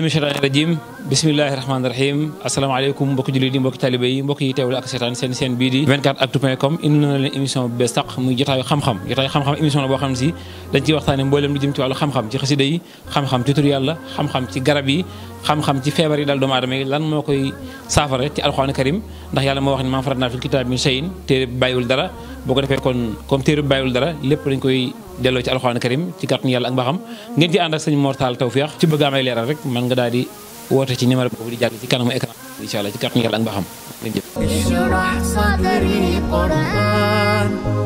billahi min shaytaani rajim bismillahi rahmaani rahim asalaamaaleykum mbokki jullit yi mbokki taalibé yi mbokk yi teewlu ak seetaan seen seen com indi na leen émission bu bees tàq xam-xam jotaayu xam-xam émission la boo xam ne si dañ ciy waxtaane mboolem lu jëm ci wàllu xam-xam ci xasida yi xam-xam ci tur xam-xam ci garab xam-xam ci feebar daal doomu aadama lan moo koy saafara ci alxuraan karim ndax yàlla moo wax ne fi kitaab min shay'in te bàyyiwul dara boo ko defee kon comme téere bi bàyyiwul dara lépp dañ koy delloo ci alxuraan karim ci kàttanu yàlla ak mbaaxam ngeen ci ànd ak sëñ Mortal Tawfeex ci bëgg am ay leeral rek mën nga daal di woote ci numéro boobu di jàll ci kanamu écran incha allah yàlla ak mbaaxam ngeen jëf